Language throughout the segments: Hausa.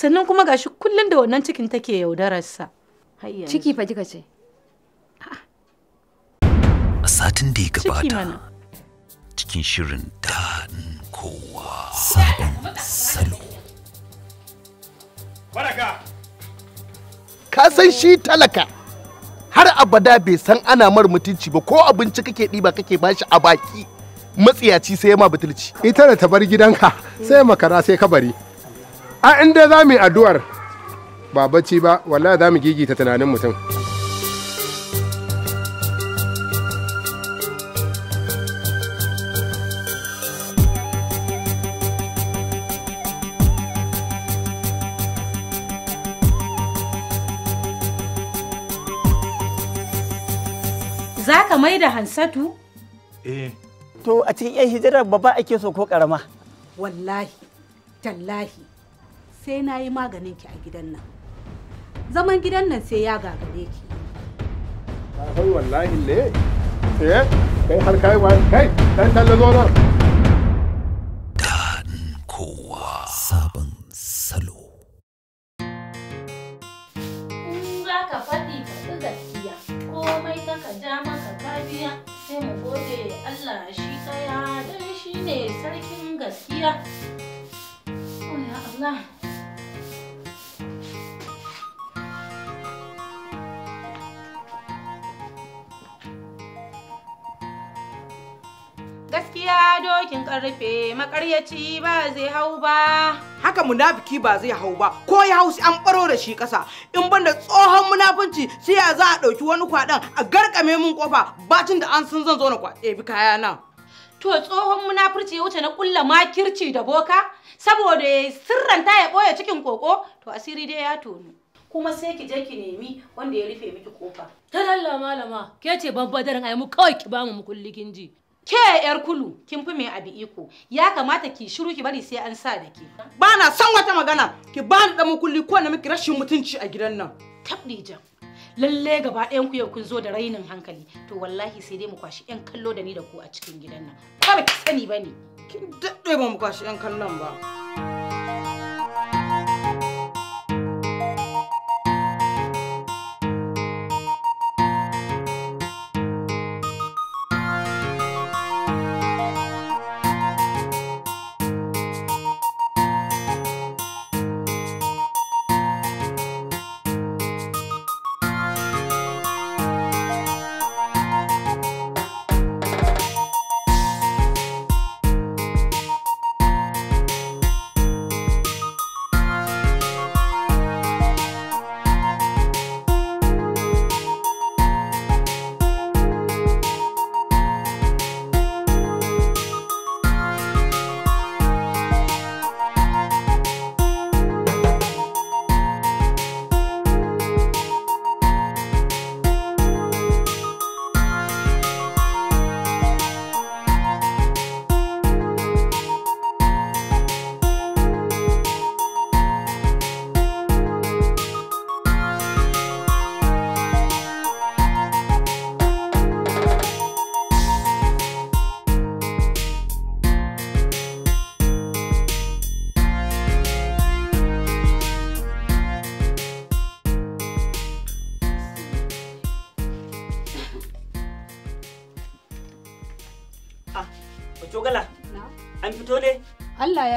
sannan kuma gashi kullum da wannan cikin take yaudararsa ciki fa kika ce a satin da ya gabata cikin shirin daɗin kowa sabon salo ka san shi talaka har abada bai san ana mar mutunci ba ko abinci kake ɗiba kake bashi a baki matsiyaci sai ma butulci ita da ta bar gidanka sai makara sai ka bari. a inda za mu yi addu'ar ba bacci ba wallahi za mu gigita tunanin mutum za ka mai da hansatu? Eh. To a cikin 'yan hijirar babba ake so ko ƙarama. Wallahi, tallahi, sai na yi maganin ki a gidan nan zaman gidan nan sai ya gagare ki kai wallahi le eh kai har kai wa kai dan dan zo nan kowa sabon salo in za ka faɗi ka faɗi gaskiya komai ka ja maka kabiya sai mu gode Allah shi ɗaya don shi ne sarkin gaskiya Allah Gaskiya dokin karfe makaryaci ba zai hau ba. Haka munafiki ba zai hau ba, ko ya hau an baro da shi ƙasa. In ban da tsohon munafunci sai ya za a ɗauki wani kwaɗan a garkame min kofa bacin da an sun zan zo na kwaɗe bi kaya na. To tsohon munafurci wuce na ƙulla makirci da boka saboda ya sirranta ya ɓoye cikin koko to asiri dai ya tonu. kuma sai ki je ki nemi wanda ya rufe miki kofa. Ta lalla malama, ke ce babbadarin ai mu kawai ki bamu mu kulli ji. ke yar kulu kin fi mai abi iko ya kamata ki shiru ki bari sai an sa da ke ba na son wata magana ki ba ni makulli kulli ko na miki rashin mutunci a gidan nan tabdija lalle gaba ɗayan ku yau kun zo da rainin hankali to wallahi sai dai mu kwashi yan kallo da ni da ku a cikin gidan nan ba ki sani bane kin daɗe ba mu kwashi yan kallon ba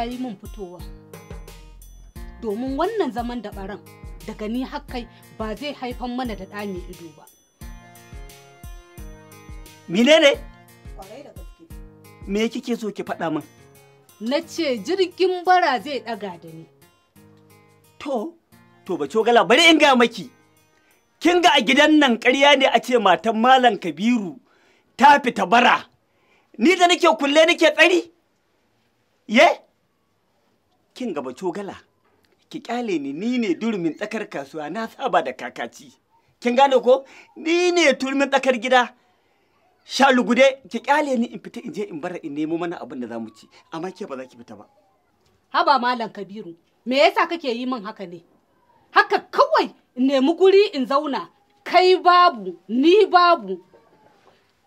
ya yi min fitowa domin wannan zaman da baran daga ni hakkai ba zai haifan mana da ɗa mai ido ba menene me kike so ki faɗa min na ce jirgin bara zai ɗaga da ni to to ba cogala bari in ga maki kin ga a gidan nan ƙarya ne a ce matan malam kabiru ta fita bara ni da nake kulle nake tsari ye kin gaba cogala ki kyale ni ni ne durumin tsakar kasuwa na saba da kakaci kin gane ko ni ne turmin tsakar gida sha lugude ki kyale ni in fita in je in bar in nemo mana abin da zamu ci amma ke ba za ki fita ba haba malam kabiru me yasa kake yi min haka ne haka kawai in nemi guri in zauna kai babu ni babu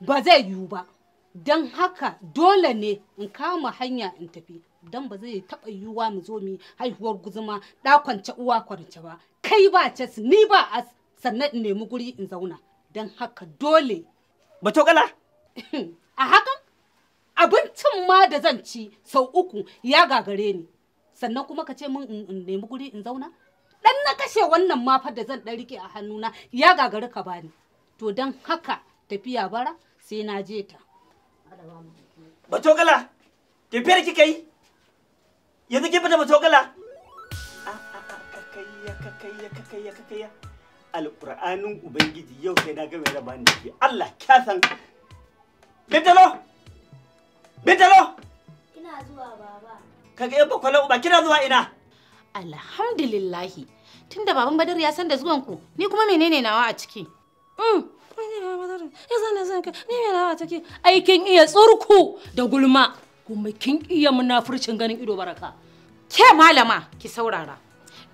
ba zai yiwu ba don haka dole ne in kama hanya in tafi dan ba zai taɓa yiwuwa mu zo mu haihuwar guzuma ɗa kwance uwa kwance ba kai ba cas ni ba as sannan in nemi guri in zauna don haka dole ba kala a hakan abincin ma da zan ci sau uku ya gagare ni sannan kuma ka ce min in nemi guri in zauna dan na kashe wannan mafa da zan dan rike a hannuna ya gagari ka bani to don haka tafiya bara sai na je ta ba kala tafiyar kika yi yanzu kin fita matogala kakayya kakayya kakayya kakayya alƙur'anin ubangiji yau sai na ga mai raba ni ke Allah kya bintalo bintalo ina zuwa baba kaga yan bakwala uba kina zuwa ina alhamdulillahi tunda baban badar ya san da zuwan ku ni kuma menene nawa a ciki mm, aikin iya tsurku da gulma kuma kin iya munafurcin ganin ido baraka ke malama ki saurara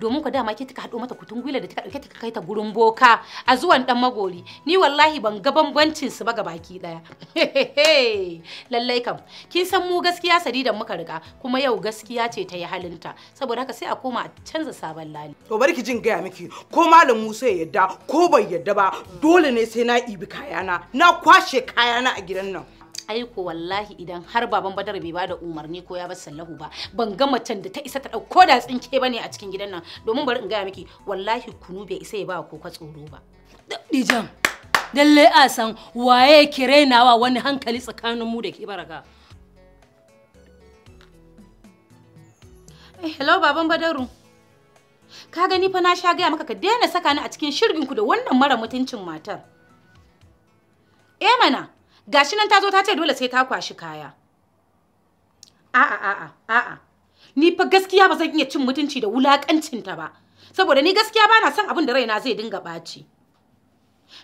domin ku dama ke kika haɗo mata kutungwila da kika ɗauke tuka kai ta gurin boka a zuwan ɗan magori ni wallahi ban ga bambancin su ba baki ɗaya lallai kam kin san mu gaskiya sadidan muka riga kuma yau gaskiya ce ta yi halinta saboda haka sai a koma a canza sabon lali to bari ki jin gaya miki ko malam Musa ya yadda ko bai yadda ba dole ne sai na ibi kayana na kwashe kayana a gidan nan aiko wallahi idan har baban badar bai bada umarni ko ya bar sallahu ba ban ga macen da ta isa ta dauko da tsinke bane a cikin gidan nan domin bari in gaya miki wallahi kunu bai isa ya ba ko ka tsoro ba dijan dalle a san waye ke wa wani hankali tsakanin mu da ke baraka eh, hello baban badaru ka gani fa na sha gaya maka ka daina saka ni a cikin shirginku da wannan mara mutuncin matar eh mana gashi nan ta zo ta ce dole sai ta kwashi kaya a'a a'a a'a ni fa gaskiya ba zan iya cin mutunci da wulakancin ta ba saboda ni gaskiya bana son abin da raina zai dinga baci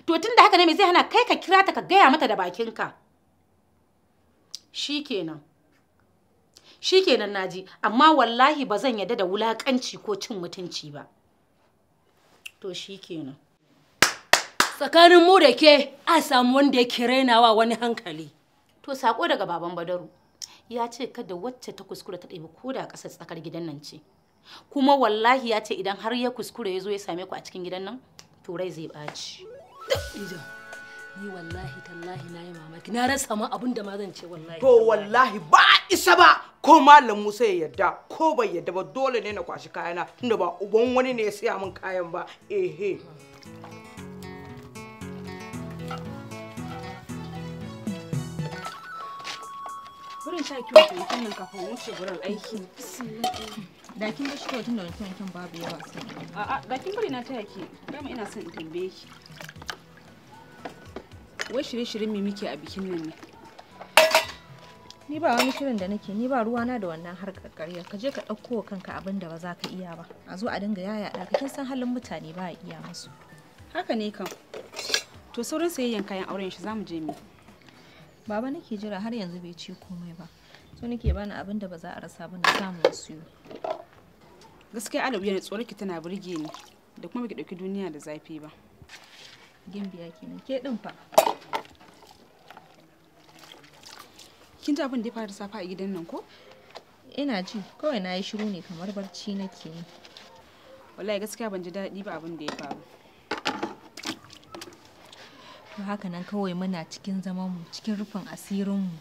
to tunda haka ne me zai hana kai ka kira ta ka gaya mata da bakinka shikenan shikenan naji amma wallahi ba zan yadda da wulakanci ko cin mutunci ba to shikenan tsakanin mu da ke a samu wanda yake rainawa wani hankali to sako daga baban badaru ya ce kada wacce ta kuskura ta ɗebi ko da ƙasar tsakar gidan nan ce kuma wallahi ya ce idan har ya kuskura ya zo ya same ku a cikin gidan nan turai zai ɓaci ni wallahi tallahi na yi mamaki na rasa ma abin da zan ce wallahi to wallahi ba isa ba ko malam Musa ya yarda ko bai yarda ba dole ne na kwashi kayana tunda ba uban wani ne ya siya min kayan ba ehe Burin sha ta kwankin nan kafin wuce wurin aiki. Da kin bashi kawai tunda wanke wanken babu yawa sai. A'a da kin bari na taya ki dama ina son in tambaye ki. Wai shirye-shiryen me muke a bikin nan ne? Ni ba wani shirin da nake ni ba ruwana da wannan harkar ƙarya ka je ka ɗauko wa kanka abin da ba za ka iya ba a zo a dinga yaya ɗaka kin san halin mutane ba a iya musu. Haka ne kam. To sauran sayayyan kayan auren shi za mu je mu. baba nake jira har yanzu bai ci komai ba so nake bani abin da ba za a rasa ba na samu wasu siyo gaskiya alawiya da tsoron tana burge ni da kuma baki dauki duniya da zafi ba gimbiya kenan ke din fa kin ji abin da ya fara safa a gidan nan ko ina ji kawai na yi shiru ne kamar barci nake yi wallahi gaskiya ban ji daɗi ba abin da ya faru to haka nan kawai muna cikin zaman mu cikin rufin asirin mu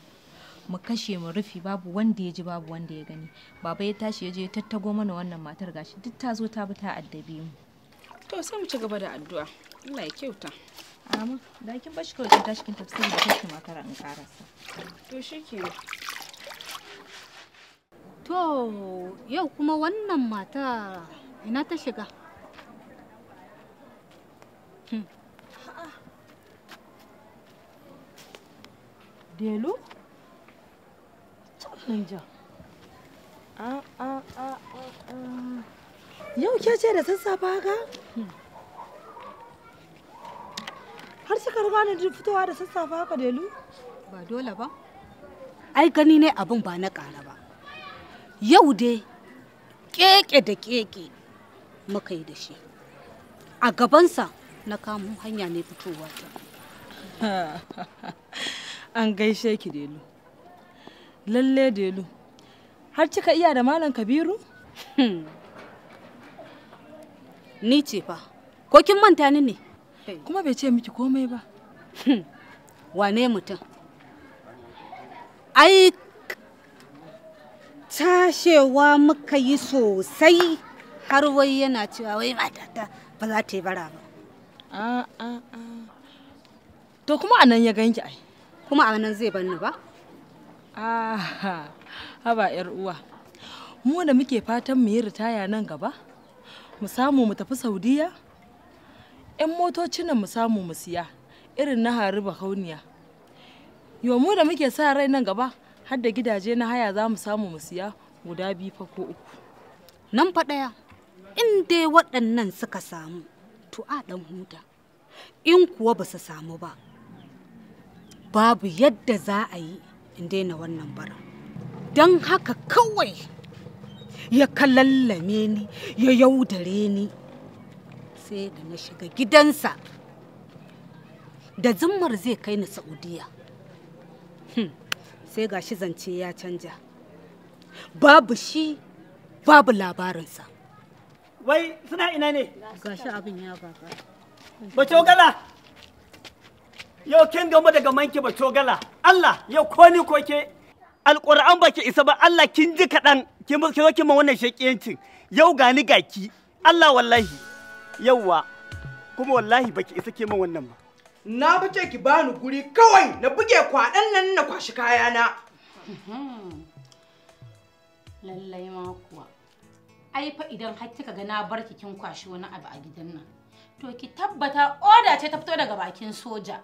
mu kashe mu rufi babu wanda ya ji babu wanda ya gani baba ya tashi ya je ya tattago mana wannan matar gashi duk ta zo ta bi ta addabi mu to sai mu ci gaba da addu'a Allah ya kyauta amin da kin bashi kawai kin tashi kin tafsiri da kake makara in karasa to shike to yau kuma wannan mata ina ta shiga hmm. Delu? ah, Yau ke ce da sassafa haka? Har kika riga ni fitowa da sassafa haka Delu? Ba dole ba. Ai gani ne abin ba na ƙara ba. Yau dai keke da keke muka yi da shi. A gabansa na kamu hanya ne fitowa ta. An gaishe ki Delu. Lalle Delu, har kika iya da Malam Kabiru? Hmm. Ni ce fa, ko kin manta ni ne? Kuma bai ce miki komai ba. Hmm. Wane mutum? Ai, tashewa muka yi sosai har wai yana cewa wai matata ba za ta yi bara ba. A, a, To kuma anan ya ganki ai. kuma a nan zai banni ba haba yar uwa mu da muke fatan mu yi ritaya nan gaba mu samu mu tafi saudiya yan motocin nan mu samu mu siya irin na haru kauniya yo mu da muke sa rai nan gaba har da gidaje na haya za mu samu mu siya guda biyu fa ko uku nan fa ɗaya in dai waɗannan suka samu to a ɗan huta in kuwa ba su samu ba babu yadda za a yi in daina wannan bara don haka kawai ya kalallame ni ya yaudare ni sai da na shiga gidansa da zummar zai kai ni saudiya hmm, sai gashi zance ya canja babu shi babu labarinsa wai suna ina ne shi abin ya baka bace gala yau kin gama daga manki ba cogala Allah yau ko ni ko ke alƙur'an ba ki isa ba Allah kin ji kaɗan kin zo kin ma wannan shaƙiyancin yau gani gaki Allah wallahi yauwa kuma wallahi baki isa ke min wannan ba. Na fice ki bani guri kawai na buge kwaɗan nan na kwashi kayana. Lallai ma kuwa. Ai fa idan har kika ga na barki kin kwashi wani abu a gidan nan. To ki tabbata oda ce ta fito daga bakin soja.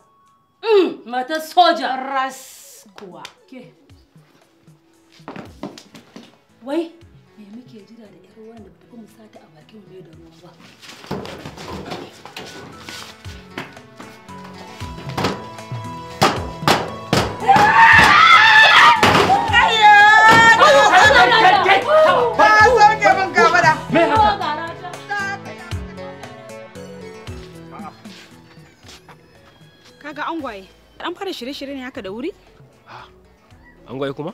Mm, mata soja. Ras kuwa. Ke. Wai, me muke jira da ƴar ruwan da ba sata a bakin bai da ruwa ba. Yeah! angwaye an fara shirye-shirye ne haka da wuri angwaye kuma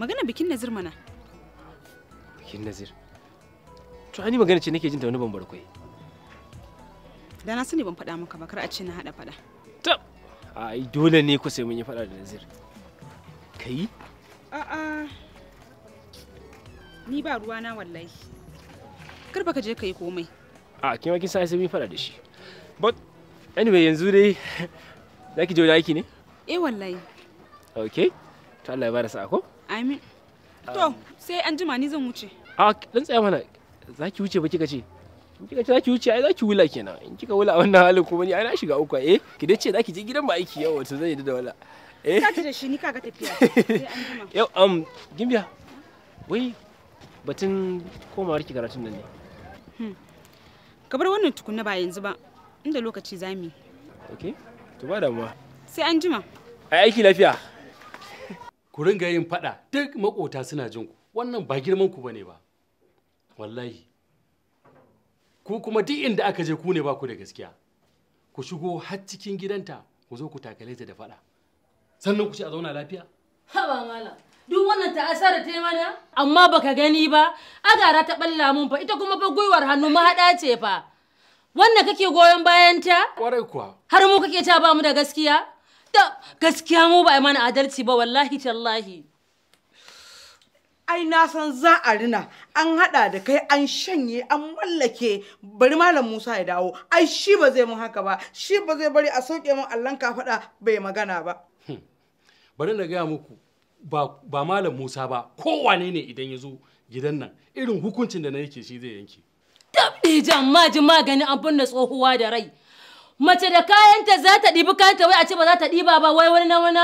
magana bikin nazir mana bikin nazir to ani magana ce nake jin ta wani ban barkwai da na sani ban faɗa maka ba kar a ce na haɗa faɗa to ai dole ne ku sai mun yi faɗa da nazir kai a'a ni ba ruwa na wallahi kar baka je kai komai a kima kin sai sai mun faɗa da shi but anyway yanzu dai za ki je wani aiki ne eh wallahi ok to Allah ya bada sa'a ko amin to sai an jima ni zan wuce a dan tsaya mana za ki wuce ba kika ce in kika ce za ki wuce ai za ki wula kenan in kika wula a wannan halin kuma ni ai na shiga uku eh ki dai ce za ki je gidan ba aiki yau wato zan yi da wala eh ka da shi ni ga tafiya yau am um, gimbiya wai batun komawar ki karatun nan ne hmm. ka bar wannan tukunna ba yanzu ba inda lokaci za mu yi ok to ba damuwa sai an jima yi aiki lafiya ku ringa yin fada duk makota suna jin ku wannan ba girman ku bane ba wallahi ku kuma duk inda aka je ku ne ba ku da gaskiya ku shigo har cikin gidanta ku zo ku takale ta da fada sannan ku ci a zauna lafiya haba malam duk wannan ta asara ta mana amma baka gani ba agara ta balla mun fa ita kuma fa gwiwar hannu mahaɗa ce fa Wannan kake goyon bayan ta? Kwarai kuwa. Har mu kake ta ba mu da gaskiya? Da gaskiya mu ba mana adalci ba wallahi tallahi. Ai na san za a rina an haɗa da kai an shanye an mallake bari malam Musa ya dawo ai shi ba zai mun haka ba shi ba zai bari a sauke mun allon kafaɗa bai magana ba. Hmm. Bari na gaya muku ba malam Musa ba kowane ne idan ya zo gidan nan irin hukuncin da na yake shi zai yanke. dabdi jamma ji magani an binne tsohuwa da rai mace da kayanta za ta ɗibi kayanta wai a ce ba za ta ɗiba ba wai wani na wani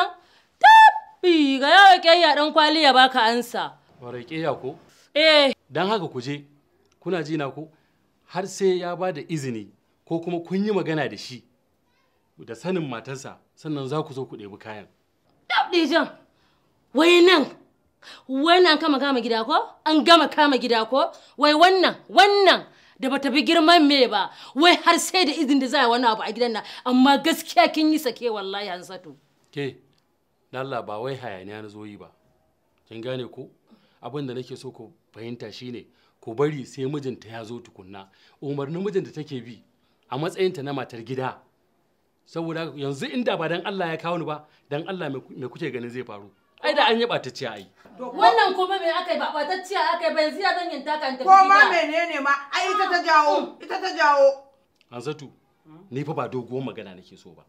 tabbi ga yawa ya ɗan kwali ya baka ansa ware ya ko eh dan haka ku je kuna ji na ko har sai ya ba da izini ko kuma kun yi magana da shi da sanin matarsa sannan za ku zo ku ɗebi kayan dabdi jan wai nan wai an kama kama gida ko an gama kama gida ko wai wannan wannan da bata bi girman me ba wai har sai da izin da za a wani abu a gidan nan amma gaskiya kin yi sake wallahi hansatu ke lalla ba wai hayaniya na zoyi ba kin gane ko abin da nake so ku fahimta shine ku bari sai mijinta ya zo tukunna umarnin mijinta take bi a matsayinta na matar gida saboda yanzu inda ba dan Allah ya kawo ni ba dan Allah me kuke ganin zai faru ai da an yi ɓatacciya ai wannan kuma me aka yi ba ɓatacciya aka yi ba yanzu ya zan yin taka ta tafi ko ma menene ma ai ita ta jawo mm. ita ta jawo Hanzatu ni fa ba doguwar magana nake so ba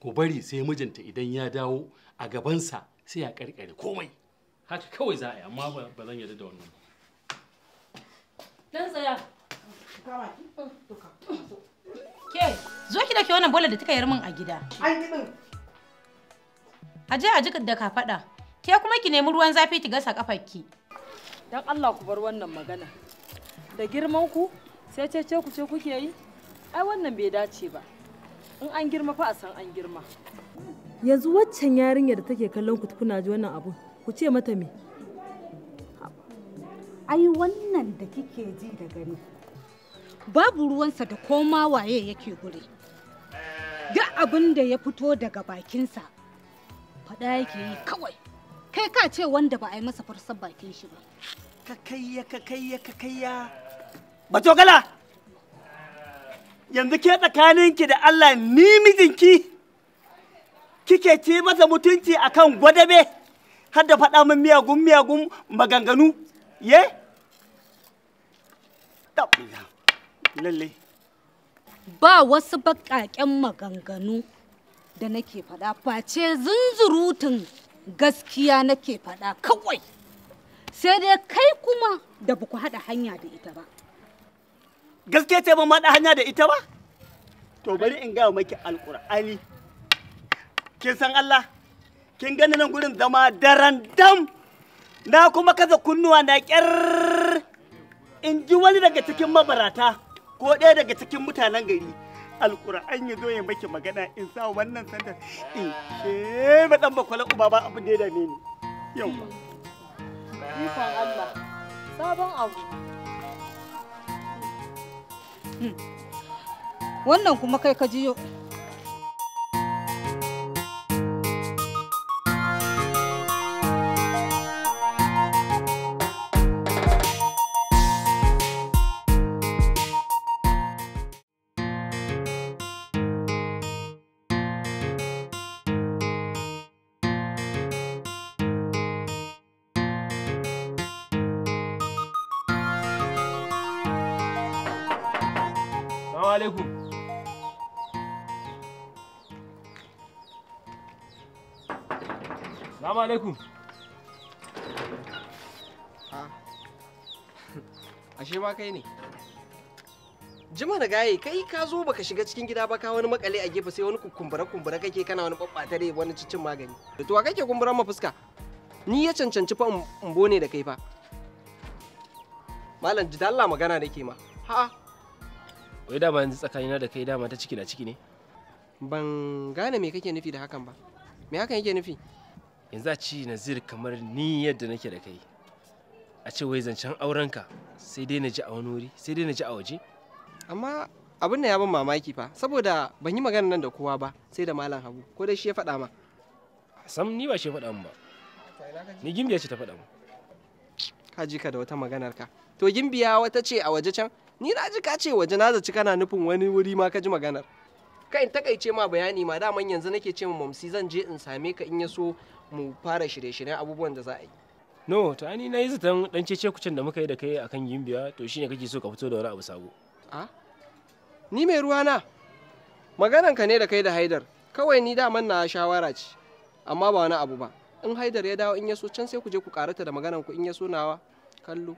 ko bari sai mijinta idan ya dawo a gabansa sai ya karkare komai haka kawai za a yi amma ba zan yarda da wannan ba dan tsaya ke zo ki dauke wannan bola da kika yar min a gida ai a a ji da ka faɗa ke kuma ki nemi ruwan zafi ki gasa kafarki dan Allah ku bar wannan magana da girman ku sai ce ku ce kuke yi ai wannan bai dace ba in an girma fa a san an girma yanzu waccan yarinyar da take kallon ku kuna ji wannan abu ku ce mata me ai wannan da kike ji da gani babu ruwansa da koma waye yake guri Ga abin da ya fito daga bakinsa faɗa yake yi kawai kai ka ce wanda ba a yi masa fursar bakin shi ba kakayya kakayya kakayya batogala yanzu ke tsakaninki da allah ni mijinki kike ci masa mutunci akan gwadabe har da faɗa min miyagun miyagun maganganu ye lalle ba wasu baƙaƙen maganganu da nake faɗa face zunzurutun gaskiya nake faɗa kawai sai dai kai kuma da ba ku haɗa hanya da ita ba gaskiya ce ban haɗa hanya da ita ba to bari in gaya maki alƙur'ani kin san Allah kin gani nan gurin zama daren dam na kuma kaza kunnuwa na ƙyar in ji wani daga cikin mabarata ko ɗaya daga cikin mutanen gari alkur'an ya zo ya maki magana in sa wannan sandar in ke ba dan bakwala uba ba abin da ya dame ni yau ba ikon Allah sabon abu hmm. wannan kuma kai ka jiyo alaikum. Salamu alaikum. Ah. Ashe ma kai ne. Jima da gaye kai ka zo baka shiga cikin gida ba ka wani makale a gefe sai wani kukumbura kumbura kake kana wani babbatare wani cicin magani. Da to kake kumburan ma fuska? Ni ya cancanci fa in bone da kai fa. Malam ji magana nake ma. Ha wai dama yanzu tsakanina da kai dama ta ciki da ciki ne ban gane me kake nufi da hakan ba me hakan yake nufi yanzu a ci nazir kamar ni yadda nake da kai a ce wai zancen aurenka sai dai na ji a wani wuri sai dai na ji a waje amma abin da ya ban mamaki fa saboda ban yi magana nan da kowa ba sai da malam habu ko dai shi ya faɗa ma sam ni ba shi ya faɗa ba ni gimbiya ce ta faɗa mu ka ji ka da wata maganar ka to gimbiya wata ce a waje can Ni na ji ka ce waje na zaci kana nufin wani wuri ma ka ji maganar. Ka in takaice ma bayani ma daman yanzu nake ce ma mamsi zan je in same ka in ya so mu fara shirye-shiryen abubuwan da za a yi. No, ta ni na yi zaton dan cece kucin da muka yi da kai akan gimbiya to shine kake so ka fito da wani abu sabo. A? Ni mai ruwa na. Maganan ka ne da kai da Haidar. Kawai ni daman na shawara ce. Amma ba wani abu ba. In Haidar ya dawo in ya so can sai ku je ku karata da maganan ku in ya so nawa. Kallo.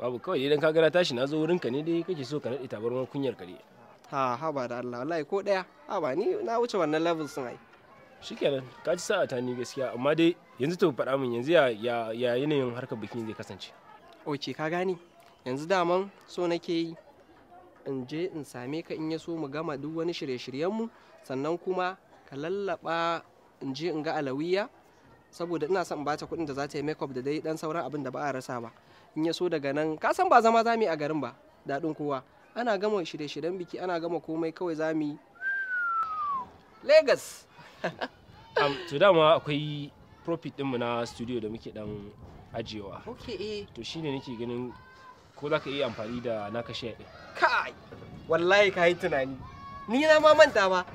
babu kawai idan ka na tashi na zo wurin ka ne dai kake so ka naɗe tabarman kunyar ka ne ha ha ba da Allah wallahi ko daya ha ba ni na wuce wannan level sun ai shikenan ka ci sa'a ta ni gaskiya amma dai yanzu to faɗa min yanzu ya ya yanayin harkar bikin zai kasance oke ka gane yanzu daman so nake yi in je in same ka in ya so mu gama duk wani shirye-shiryenmu sannan kuma ka lallaba in je in ga alawiya saboda ina son in bata kuɗin da za ta yi makeup da dai dan sauran abin da ba a rasa ba in ya so daga nan ka san ba zama za yi a garin ba daɗin kowa ana gama shirye-shiryen biki ana gama komai kawai za mu yi lagos to dama akwai profit ɗinmu na studio da muke dan ajiyewa eh. to shine nake ganin ko za ka iya amfani da naka kashe. ɗin kai wallahi ka yi tunani ni na ma manta ba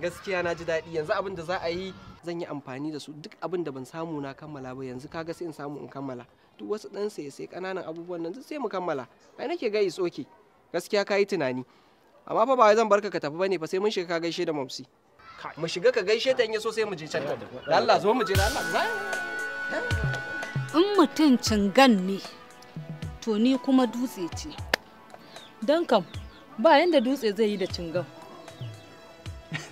gaskiya na ji daɗi yanzu abin da za a yi zan yi amfani da su duk abin da ban samu na kammala ba yanzu ka ga sai in samu in kammala duk wasu dan sai sai kananan abubuwan nan sai mu kammala ai nake ga is tsoke gaskiya kayi tunani amma fa ba zan barka ka tafi bane fa sai mun shiga ka gaishe da mamsi mu shiga ka gaishe ta in yaso sai mu je can da Allah zo mu je da Allah in mutum cingan ne to ni kuma dutse ce dan kam ba yanda dutse zai yi da cingan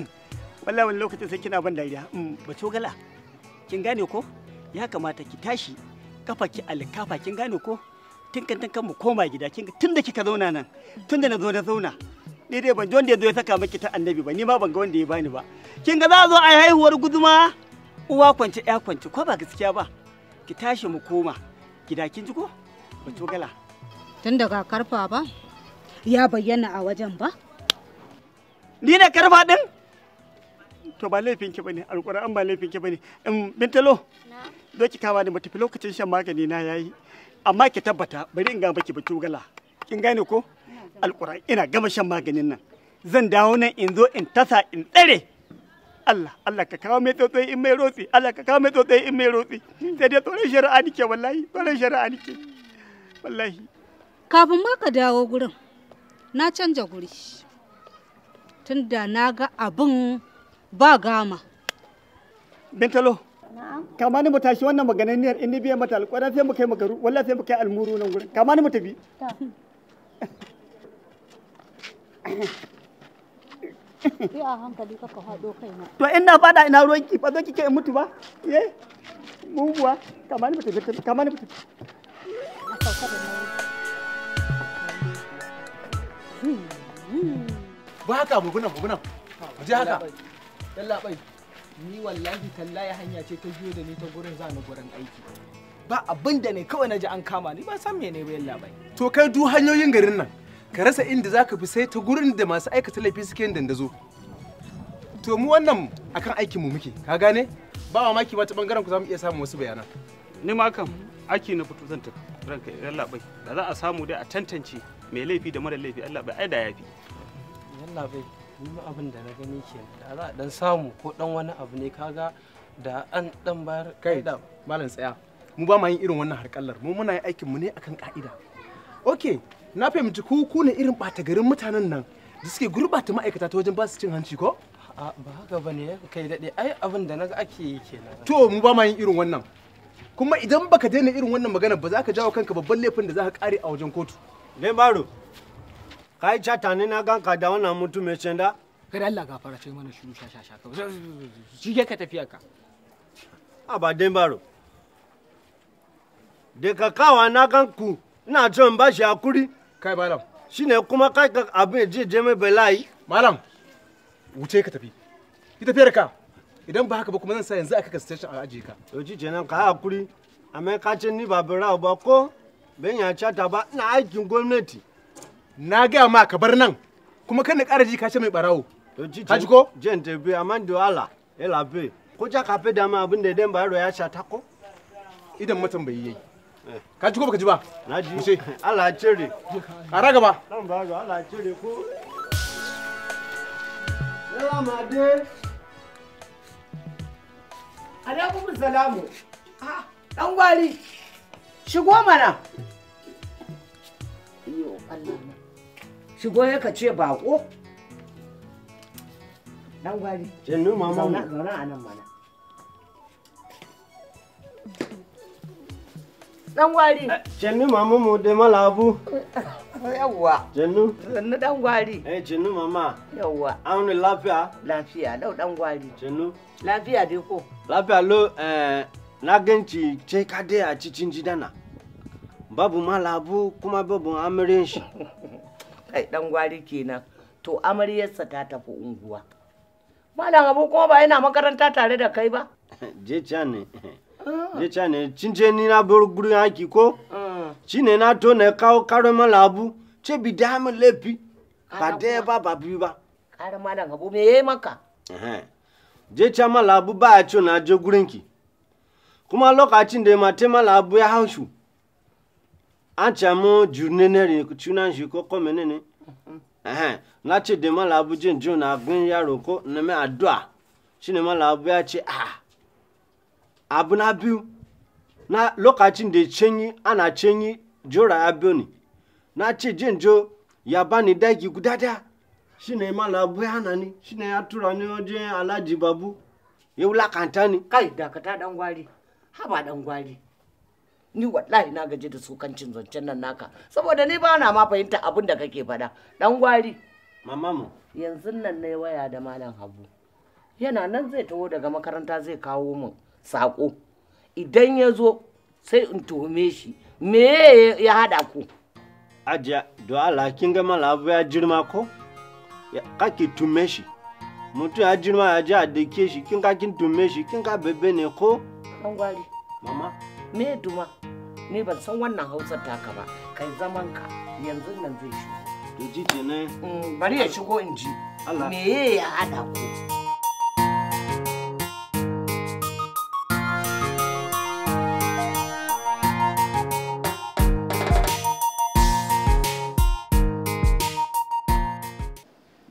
wallahi wani lokacin sai kina ban dariya mm, ba gala kin gane ko ya kamata ki tashi kafa ki alkafa kin gane ko tun tun kan mu koma gida kin tun da kika zauna nan tun da na zo na zauna ni dai ban ji wanda ya zo ya saka miki ta annabi ba ni ma ban ga wanda ya bani ba kin ga za a zo a haihuwar guduma uwa kwance ya kwance ko ba gaskiya ba ki tashi mu koma gida kin ji ko ba gala tun daga karfa ba ya bayyana a wajen ba ni ne karfa din to ba laifin ki bane alquran ba laifin ki bane bintalo na'am zo ki kama ni mu lokacin shan magani na yayi amma ki tabbata bari in ga baki ba tugala kin gane ko alquran ina gama shan maganin nan zan dawo nan in zo in tasa in tsare Allah Allah ka kawo mai tsotsai in mai rotsi Allah ka kawo mai tsotsai in mai rotsi sai dai tsoron shari'a nike wallahi tsoron shari'a nike wallahi kafin ma ka dawo gurin na canja guri tunda na ga abin ba gama bintalo kama ni mu tashi wannan magananniyar in ni biyan mata alƙwada sai mu kai magaru wallah sai mu kai almuru nan gurin kama ni mu tafi Yi hankali kaka haɗo kai na. To ina fada ina ruwan ki ba zo kike in mutu ba? Ye? Eh, muguwa kama ni mu tafi kama ni mu tafi. Ba haka bugunan bugunan Mu je haka. Yallaɓai. ni wallahi tallahi hanya ce ta biyo da ni ta gurin za na gurin aiki ba abin da ne kawai na ji an kama ni ba san mene bayan labai to kai du hanyoyin garin nan ka rasa inda za ka fi sai ta gurin da masu aikata laifi suke yin dandazo to mu wannan akan aikin mu muke ka gane ba wa maki ba ta bangaren ku za mu iya samun wasu bayanan ni ma kam aiki na fito zan tafi ranka yalla labai da za a samu dai a tantance mai laifi da mara laifi Allah bai ai da yafi yalla bai abin da na gani ke da za a dan samu ko dan wani abu ne kaga da an dan bayar kai da malam tsaya mu ba ma yin irin wannan harkallar mu muna yin aikin mu ne akan ka'ida okay na fahimci ku ku ne irin bata garin mutanen nan da suke gurbata ma'aikata ta wajen ba su cin hanci ko a ba haka bane kai dade ai abin da naga ake yi kenan to mu ba ma yin irin wannan kuma idan baka daina irin wannan magana ba za ka jawo kanka babban laifin da za ka kare a wajen kotu ne ka yi cata na gan ka da wannan mutum mai canda kada Allah ka fara ce mana shiru sha sha sha ka shi ka tafiya ka a ba den baro de ka kawa na ku ina jin ba shi hakuri kai malam shine kuma kai ka abin je je mai bala'i malam wuce ka tafi ki tafiyar ka idan ba haka ba kuma zan sa yanzu aka ka station a ajiye ka to ji kenan ka hakuri amma ka ce ni ba birawo ba ko ben ya chata ba ina aikin gwamnati na gaya ma ka bar nan kuma kan ƙara ji ka ce mai barawo ka ji ko jen te bi amman do ala ela be ko ja ka fe da ma abin da den baro ya sha ta ko idan mutum bai yi eh. ka ji ko baka ji ba na ji mushe ala cire ƙara gaba nan ba ga ala cire ko ela ma de alaikum salamu ah dan gwari shigo mana iyo Allah shigo ya ka ce bako dan gwari jinnu mama mu zauna a nan mana dan gwari eh, jinnu mama mu da malabu yawwa jinnu jinnu dan gwari eh jinnu mama yawwa auni lafiya lafiya lau dan gwari jinnu lafiya dai ko lafiya lo eh na ganci ce ka dai a cikin jidana babu malabu kuma babu amirin shi kai dan gwari kenan to amaryarsa ta tafi unguwa malam abu kuma ba yana makaranta tare da kai ba je can ne ah. je can ne cince ni na bar aiki ko ah. ci ne na to ne kawo karin malabu ce bi da mu laifi ba daya ba ba bi ba karin malam abu me yayi maka je can malabu ba a ce na je gurinki kuma lokacin da ya mate malabu ya hau achamo juneneri chunan ko komenene ehe na chidima la abuje nju na agun ya roko na me adua chinema la abu ya chi ah abu na biu na lokacin de chenyi ana chenyi jora abioni na ce jin jo ya bani daki guda da shi ne ma labu ya hana ni shi ne ya tura ni wajen alhaji babu ya wulakanta ni kai dakata dan gwari haba dan gwari ni wallahi na gaji da sokancin zancen nan naka saboda ni ba na ma fahimta abin da kake faɗa dan gwari mamamu yanzu nan ne waya da malam habu yana nan zai taho daga makaranta zai kawo min sako idan ya zo sai in tuhume shi me ya hada ku ajiya do Allah kin ga malam habu ya jirma ko kake tume shi mutum ya jirma ya ji a dake shi kin ka kin tume shi kin ka bebe ne ko dan gwari mama me duma ne ban san wannan hausar taka ba kai zaman ka yanzu nan zai shigo to ji ne mm, bari ya shigo in ji me ya hada ku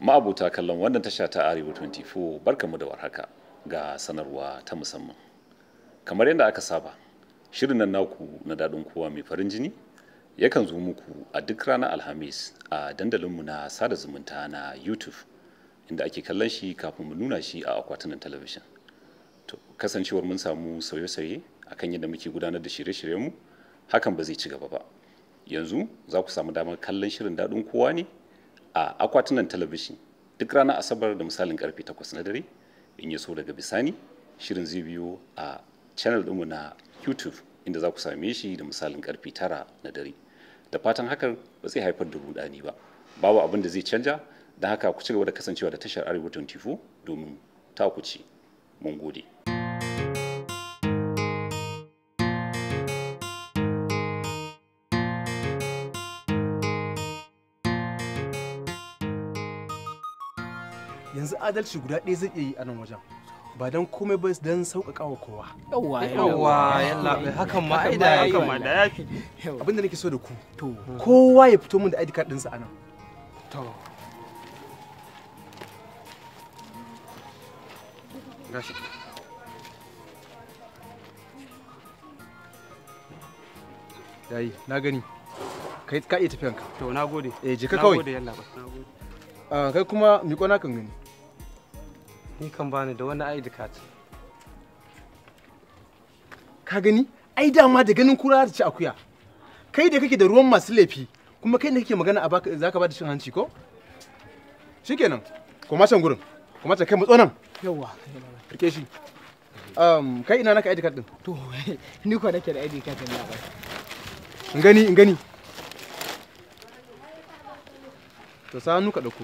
ma'abuta kallon wannan tasha ta arewa 24 barkamu da warhaka ga sanarwa ta musamman kamar yadda aka saba shirin nan naku na daɗin kowa mai farin jini yakan zo muku a duk ranar alhamis a dandalinmu na sada zumunta na youtube inda ake kallon shi kafin mu nuna shi a akwatunan talabijin to kasancewar mun samu sauye-sauye akan yadda muke gudanar da shirye-shiryenmu hakan ba zai ci gaba ba yanzu za ku samu damar kallon shirin daɗin kowa ne a akwatunan talabijin duk ranar asabar da misalin karfe 8 na dare in ya so daga bisani shirin zai biyo a channel ɗinmu na YouTube inda za ku same shi da misalin karfi tara na dare da fatan hakan ba zai haifar da rudani ba babu abin da zai canja don haka ku ci gaba da kasancewa da tashar arewa 24 domin ta ku ci mun gode yanzu adalci guda ɗaya zai iya yi a nan wajen ba don komai ba don sauƙaƙa wa kowa yawwa yawwa yalla hakan ma ai da hakan ma da yafi abinda nake so da ku to kowa ya fito min da ID card ɗinsa anan to gashi yayi na gani kai ka iya tafiyanka to na gode eh je ka kawai na gode yalla ba na gode ah, kai kuma miƙo na kan gani Ni kan bani da wani ID card. Ka gani? Ai dama da ganin kura da ci akuya. Kai da kake da ruwan masu laifi kuma kai ne kake magana a baka zaka bada da cin hanci ko? Shikenan. Kuma can gurin. Kuma can kai matso nan. Yawwa. Rike shi. Um, kai ina naka ID card din? To, ni ko nake da ID card din ba. In gani, in gani. To sa nuka ka dauko.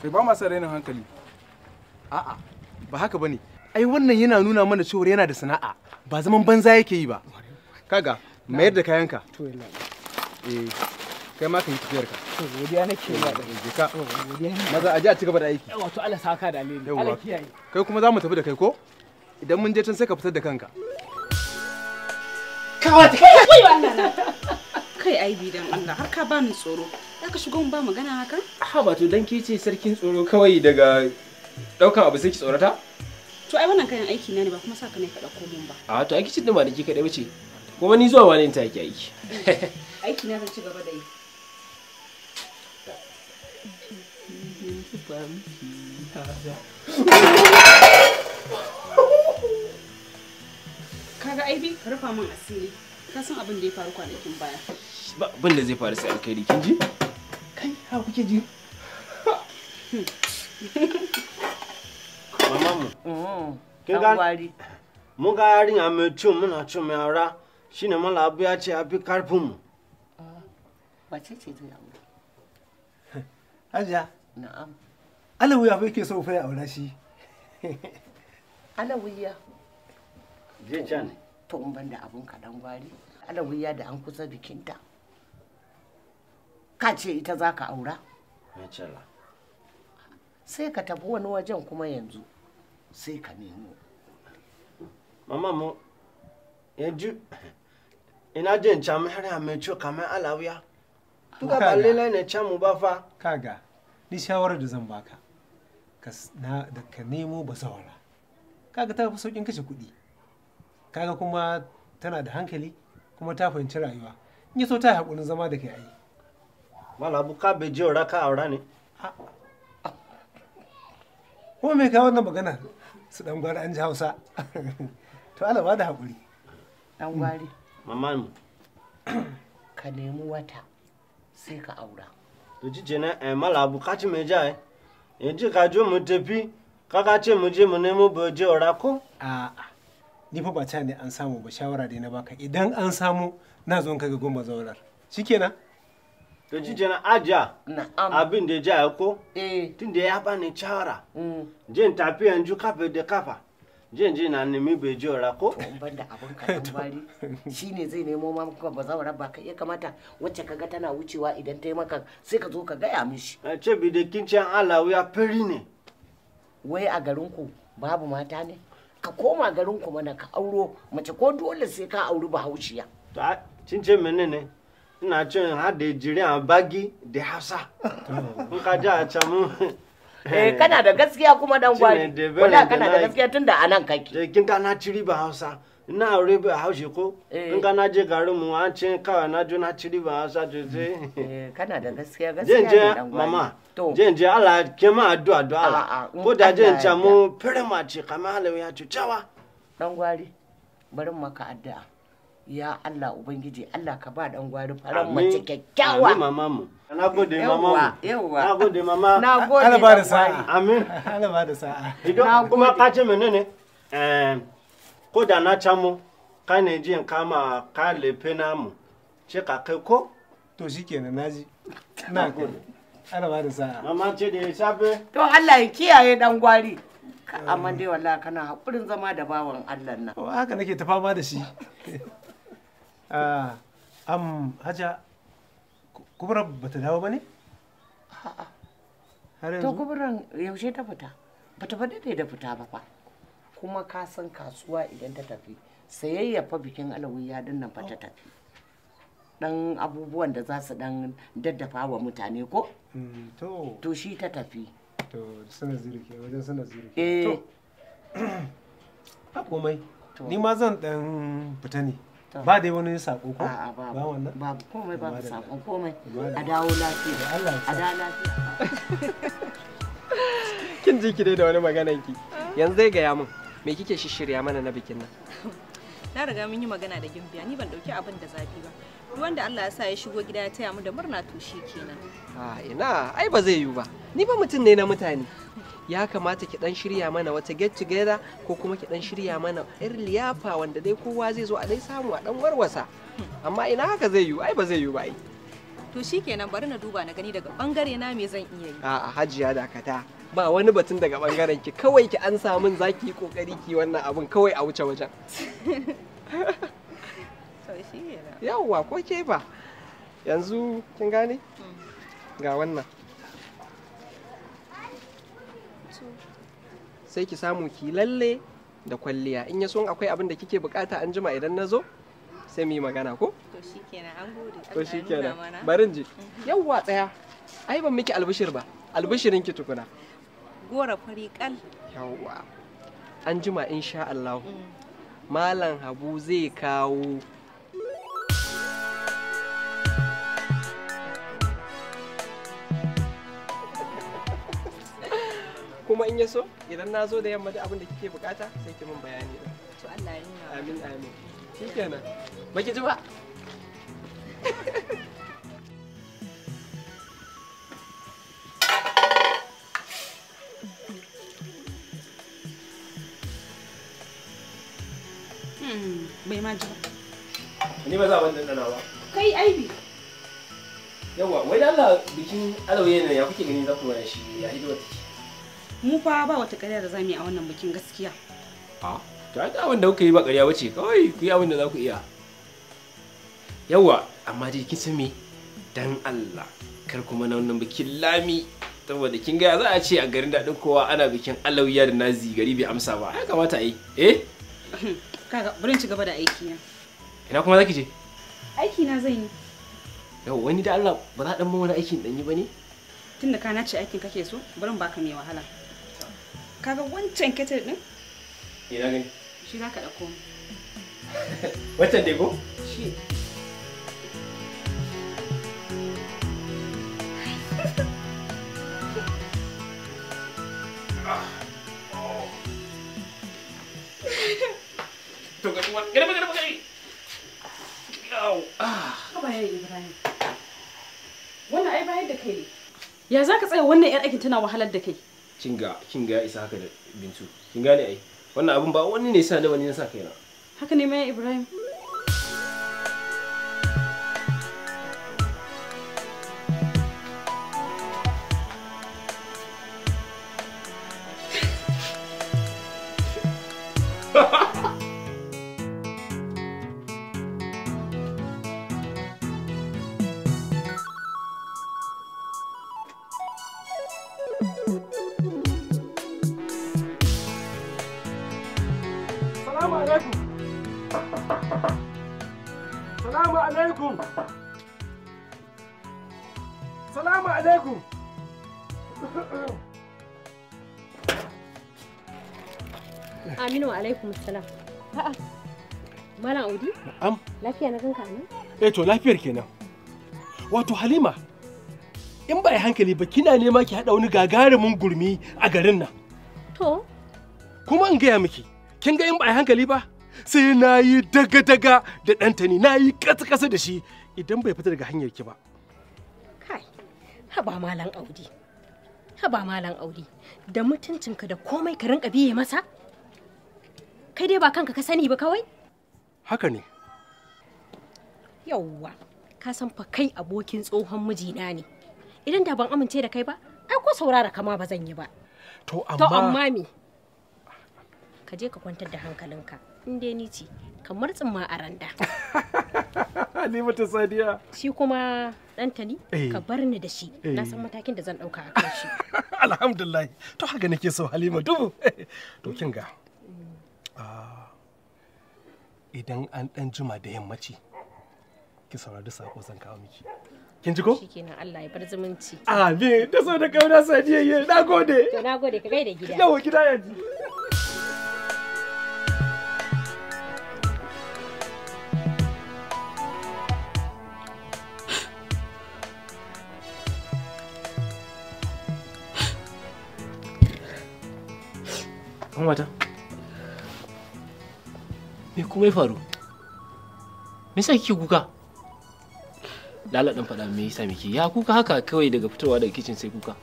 Sai ba ma sa rainin hankali a'a ba haka bane ai wannan yana nuna mana cewa yana da sana'a ba zaman banza yake yi ba kaga mayar da kayanka to eh kai ma ka yi tafiyar ka to godiya nake ya da jika maza a ji a ci gaba da aiki yawa to Allah saka da alheri Allah kiyaye kai kuma za mu tafi da kai ko idan mun je can sai ka fitar da kanka Kawai kai kai wannan kai ai bidan Allah har ka bani tsoro Za ka shigo ba magana haka? Ha ba to dan ce sarkin tsoro kawai daga daukan abu sai ki tsorata? To ai wannan kayan aiki na ne ba kuma saka ne ka dauko mun ba. A to aiki cin ba da ki kadai bace. Kuma ni zuwa wani ta yake aiki. Aiki na zan ci gaba da yi. Kaga aibi ka rufa min asiri. ka san abin da ya faru kwanakin baya ba abin da zai faru sai alkhairi kin ji kai ha kuke mamamu mm-hmm. mun ga muna cin mai shine mala abu ya ce abi karfin mu ah, ce yawo hajiya na'am fa yake so fa ya aura shi can to in banda abun kaɗan gwari wuya da an kusa bikinta ka ce ita za ka aura sai ka tafi wani wajen kuma yanzu sai ka nemo mama mu yanzu ina jin har hara mai ciwo kamar alawiya tuka ba lalai ne camu ba fa kaga ni shawarar da zan baka da ka nemo bazawara kaga ta fi saukin kashe kuɗi kaga kuma tana da hankali kuma ta fahimci rayuwa in so ta haƙurin zama da kai ayi malam abu ka bai jiyo ka aura ne ko mai kawo wannan magana su dan gwari an ji hausa to ala ba da haƙuri dan gwari mamamu ka nemi wata sai ka aura to jije na eh mala abu ka ci mai ja eh ji ka jo mu tafi kaka ce mu je mu nemo bai jiyo ko a'a ni fa ba ca ne an samu ba shawara dai na baka idan an samu na zo ga goma zaunar shikenan to ji jana aja abin da ja ko eh. tun da ya bani shawara mm. jin tafi yanzu kafa da kafa jin jin na nemi bai jora ko ban da abun ka tambari shine zai nemo ma maka ba zaura ba ka iya kamata wacce kaga tana wucewa idan ta yi maka sai ka zo ka gaya mishi eh, ce bi da kincin alawu ya fari ne wai a garin ku babu mata ne ka koma garin ku mana ka auro mace ko dole sai ka auri bahaushiya ta cince mene ne ina cin har da jiri a bagi da hausa in ka ji a can eh kana da gaskiya kuma dan gwari wala kana da gaskiya tunda anan kake eh, kin ka na ciri ba hausa ina aure ba haushe ko eh. in ka na je garin mu an ce kawai na jo na ci ba a sa je je eh, kana da gaskiya gaskiya ne dan mama je je Allah ke ma addu'a addu'a Allah ko da je je mu fere ma ce kamar halu ya ci cewa dan gwari barin maka addu'a ya Allah ubangiji Allah ka ba dan gwari faran mace kyakkyawa amin mama mu na gode mama mu yawa na gode mama na gode Allah ba da sa'a amin Allah ba da sa'a idan kuma ka ce menene eh ko da na camu ka ne ji in kama ka lefe namu ce ka kai ko to shi kenan na ko ana ba da sa'a mama ce da safe to Allah ya kiyaye dan gwari amma dai wallahi kana hakurin zama da bawan Allah nan to haka nake ta fama da shi ah am haja kubra bata dawo bane a'a har to kubran yaushe ta fita ta fada da fita ba fa kuma ka san kasuwa idan ta tafi sayayya fa bikin alawi ya dinnan fa ta tafi dan abubuwan da za su dan daddafa wa mutane ko mm, to shi ta tafi to suna zirki wajen suna zirki eh a komai ni ma zan dan fita ne ba dai wani sako ko ba wannan ba komai ba sako komai a dawo lafiya a dawo lafiya kin ji ki dai da wani maganan ki yanzu zai gaya min me kike shirya mana na bikin nan na riga mun yi magana da gimbiya ni ban dauki abin da zafi ba duk wanda Allah ya sa ya shigo gida ya taya mu da murna to shi kenan a ina ai ba zai yiwu ba ni ba mutum ne na mutane ya kamata ki dan shirya mana wata get together ko kuma ki dan shirya mana yar liyafa wanda dai kowa zai zo a dai samu a dan warwasa amma ina haka zai yiwu ai ba zai yiwu ba ai to shikenan bari na duba na gani daga bangare na me zan iya yi a'a hajiya dakata ba wani batun daga bangaren ki kawai ki an samun zaki yi kokari ki wannan abin kawai a wuce wajen yawwa ko ke ba yanzu kin gane mm. ga wannan sai ki samu ki lalle da kwalliya in ya son akwai abin da kike bukata an jima idan na zo sai mu yi magana ko to shikenan an gode to shikenan barin ji mm-hmm. yawwa tsaya ai ban miki albishir ba albishirin ki tukuna gora fari fariƙal yawwa an jima insha Allah mm. malam habu zai kawo kuma in ya so idan na zo da yamma da abin da kike bukata sai ki min bayani to Allah ya yi amin amin shikenan baki ji ba Hmm, bai ma ji ni ba za a wannan dana ba kai aibi yawa wai da Allah bikin alawaye ne ya kuke gani za ku wani shi ya hido ta mu fa ba wata ƙarya da za mu yi a wannan bikin gaskiya a ta ai abin da kuka yi ba ƙarya ce kawai ku yi abin da za ku iya yawa amma dai kin san me dan Allah kar kuma na wannan bikin lami saboda kin ga za a ce a garin daɗin kowa ana bikin alawiya da nazi gari bai amsa ba ya kamata a yi eh Kaga bari ci gaba da aiki na. Ina kuma zaki je? Aiki na zan yi. Yau wani da Allah ba za dan mun wani aikin dan yi bane? Tunda ka nace aikin kake so, bari baka mai wahala. Kaga wancan ketir din? Ina gani. Shi zaka dauko. Wancan dai ko? Shi. wani garba ya ya za ka tsaya wannan yar aikin tana wahalar da kai kinga kinga ya isa haka da bintu kinga ne ai wannan abun ba wani ne sa da wani na sa kaina haka ne mai ibrahim Salam. A'a. Malam Audi? Lafiya na ganka nan? Eh to lafiyar kenan. Wato Halima, in ba hankali ba kina nema ki haɗa wani gagarumin gurmi a garin nan. To. Kuma in gaya miki, kin ga in ba hankali ba? Sai na yi daga-daga da ɗantani, na yi kasa da shi idan bai fita daga hanyar ki ba. Kai, haba malam Audi. Haba malam Audi, da mutuncinka da komai ka rinka biye masa? kai dai ba kanka ka sani ba kawai haka ne yauwa ka san fa kai abokin tsohon mijina ne idan da ban amince da kai ba ai ko saurara kama ba zan yi ba to amma me ka je ka kwantar da hankalinka in dai ni ce kamar tsimma a randa ni mata sadiya shi kuma ɗantani eh. ka bar ni da shi eh. na san matakin da zan ɗauka a kan shi alhamdulillah to haka nake so halima dubu to kin ga Ah, idan an dan jima da yammaci ki saurari sako zan kawo miki kin ji ko shikenan Allah ya bar zumunci amin da sau da kauna sadiya sadiyayye na gode to na gode ka gaida gida nawa gida yanzu Kan wata? me kuma ya faru me yasa kike kuka lala dan fada me yasa miki ya kuka haka kawai daga fitowa daga kitchen sai kuka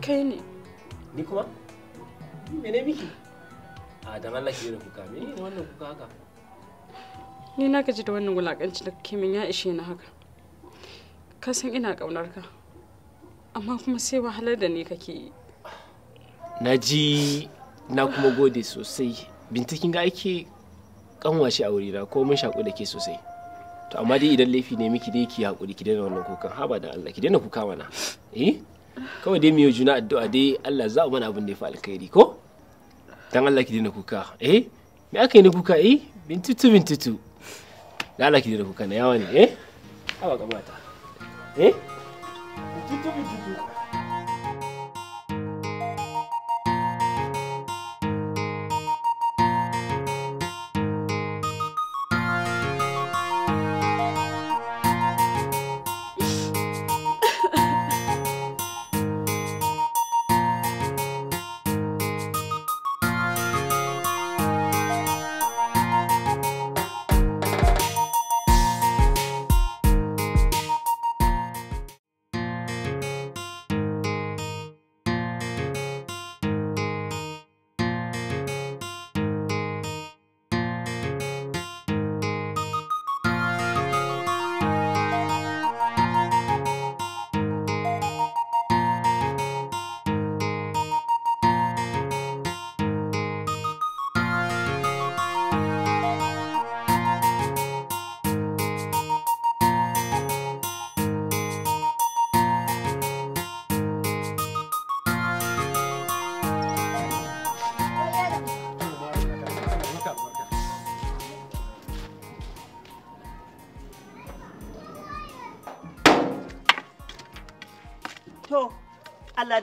kai ne ni kuma me ne miki a dan Allah ki kuka me ne wannan kuka haka ni na gaji da wannan wulakanci da kake min ya ishe ni haka ka san ina kaunar ka amma kuma sai wahalar da ni kake yi na ji na kuma gode sosai binta kin ga ake kanwace a wurina ko mun shaku da ke sosai to amma dai idan laifi ne miki dai ki hakuri ki daina wannan kukan haba da Allah ki daina kuka mana eh kawai dai miyo juna addu'a dai Allah za mana abin da ya fa alkhairi ko dan Allah ki daina kuka eh me aka yi na kuka eh bintutu bintutu da Allah ki daina kuka na yawa ne eh haba kamata eh bintutu bintutu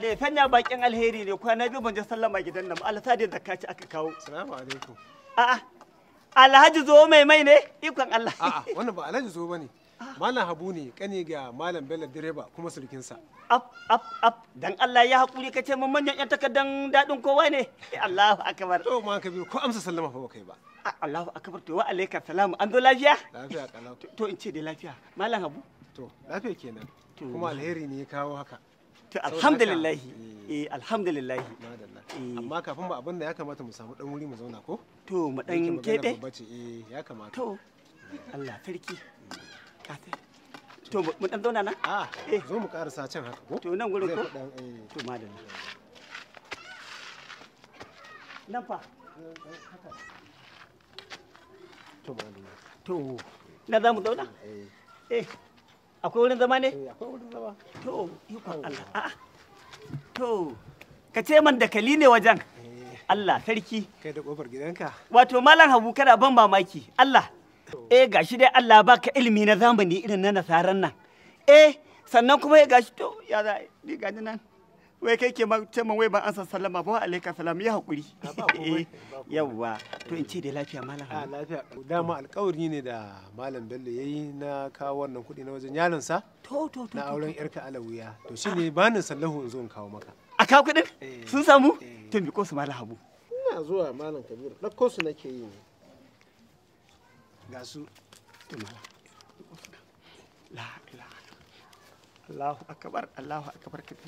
dai sanya bakin alheri ne kwana biyu ban je sallama gidan nan Allah sa dai zakka ci aka kawo assalamu alaikum a'a Alhaji zo mai mai ne ikon Allah a'a wannan ba Alhaji zo bane Malam Habu ne kane ga Malam Bello direba kuma sulkinsa. Af, af, af, dan Allah ya hakuri ka ce mun manyan 'yan takardan daɗin kowa ne. Eh, Allahu akbar. To ma ka biyo ko amsa sallama fa kai ba. Allahu akbar to wa alaika salamu an zo lafiya? Lafiya kalau. To in ce dai lafiya. Malam Habu. To lafiya kenan. Kuma alheri ne ya kawo haka. to alhamdulillahi, eh. Eh, eh amma kafin abin da ya kamata mu samu dan wuri mu zauna ko to mu dan kebe eh ya kamata to Allah sarki to mu dan zauna na, a ah, eh. zo mu karasa can haka ko to nan gurin ko to madalla nan fa to madalla to na za mu zauna eh akwai wurin zama ne eh, akwai wurin zama to ikon Allah to ka ce man dakali ne wajen eh. Allah sarki kai da kofar gidanka wato malam Habu kada ban mamaki Allah eh gashi dai Allah baka ilimi na zamani irin na nasaran nan eh sannan kuma ya gashi to ya za ni gani nan wai kai ke ce man wai ba an san sallama ba alaika salam ya hakuri yawwa to in ce da lafiya malam a ah, lafiya dama alƙawari ne da malam bello yayi na kawo wannan kuɗi na wajen yaron sa to to to na auren yarka alawiya to shine ba ni sallahu in zo in kawo maka a kawo kuɗin eh. sun samu eh. to mi ko su malam habu ina zuwa malam kabiru ɗauko su nake yi ne ga su to malam la ilaha Allahu akbar Allahu akbar kabir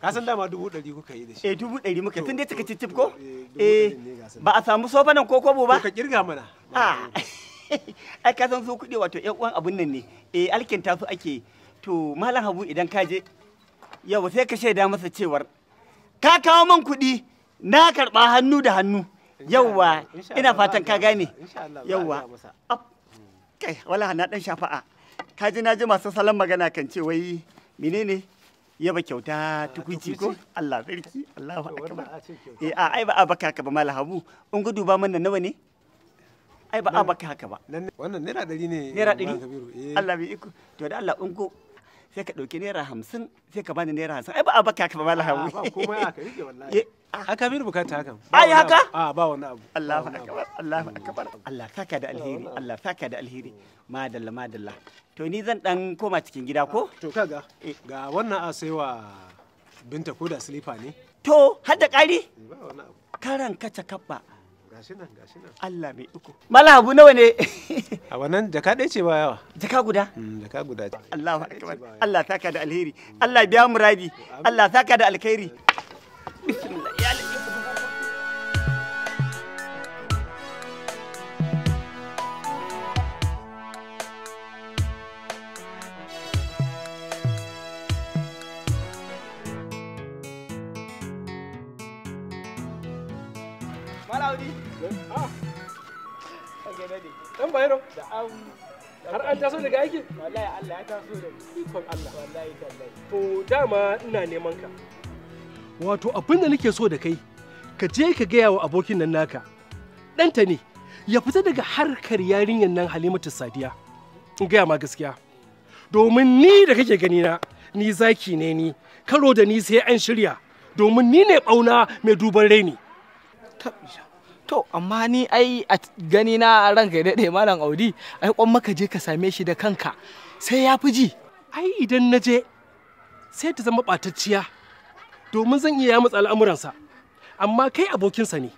ka san dama dubu ɗari kuka yi da shi eh dubu ɗari muka tun dai cika tip ko eh, eh ba a samu sofa nan ko kobo ba ka kirga mana a ai ka san su kuɗi wato ƴan uwan abun nan ne eh alkinta su ake to malam habu idan ka je yau sai ka shaida masa cewar ka kawo man kuɗi na karɓa hannu da hannu yauwa ina fatan ka gane yauwa kai wala na dan shafa'a ka ji na ji masu salon magana kan ce wai menene yaba kyauta ah, tukunci ko Allah sarki Allahu akbar eh a ai ba a baka haka ba malam Habu in gudu ba mana nawa ne ai ba a baka haka ba wannan naira 100 ne naira 100 eh. Allah bi iko to da Allah in sai ka ɗauki naira hamsin sai ka bani naira hamsin ai ba a baka haka ba lahawi ba haka bir bukata haka ai haka a ba wani abu Allahu akbar Allahu akbar Allah saka da alheri Allah saka da alheri madalla madalla to ni zan dan koma cikin gida ko to kaga eh. ga wannan a saiwa binta ko da silifa ne to har da ƙari karan kaca kabba gashi nan gashi nan Allah mai uku mala abu nawa ne a wannan jaka ɗaya ce ba yawa jaka guda mm, jaka guda ce Allahu akbar Allah saka da alheri Allah biya mu rabi Allah saka da alkhairi bismillah Allah ya ka wato abin da nake so da kai ka je ka gaya wa abokin nan naka ɗanta ne ya fita daga harkar yarinyar nan halimatu sadiya in gaya ma gaskiya domin ni da kake gani na ni zaki ne ni karo da ni sai an shirya domin ni ne ɓauna mai duban raini to amma ni ai a gani na ranka ya daɗe malam audi ai kwan maka je ka same shi da kanka sai ya fi ji ai idan na je sai ta zama ɓatacciya domin zan iya yamutsa al'amuransa amma kai abokinsa ne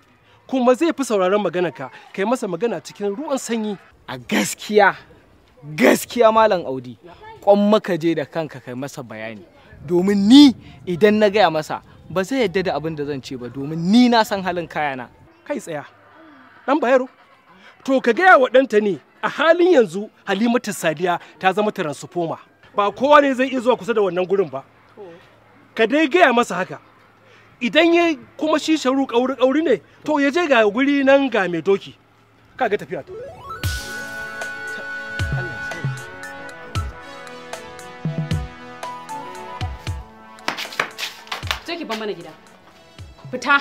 kuma zai fi sauraron maganarka kai masa magana cikin ruwan sanyi a gaskiya gaskiya malam audi kwan maka je da kanka kai masa bayani domin ni idan na gaya masa ba zai yadda da abin da zan ce ba domin ni na san halin kayana kai tsaya dan bayero to ka gaya wa ɗanta ne a halin yanzu halimatu sadiya ta zama transformer ba kowa ne zai iya zuwa kusa da wannan gurin ba ka dai gaya masa haka idan ya kuma shi sharu kauri kauri ne to ya je ga guri nan ga mai doki kaga tafiya ta ki ban mana gida. Fita.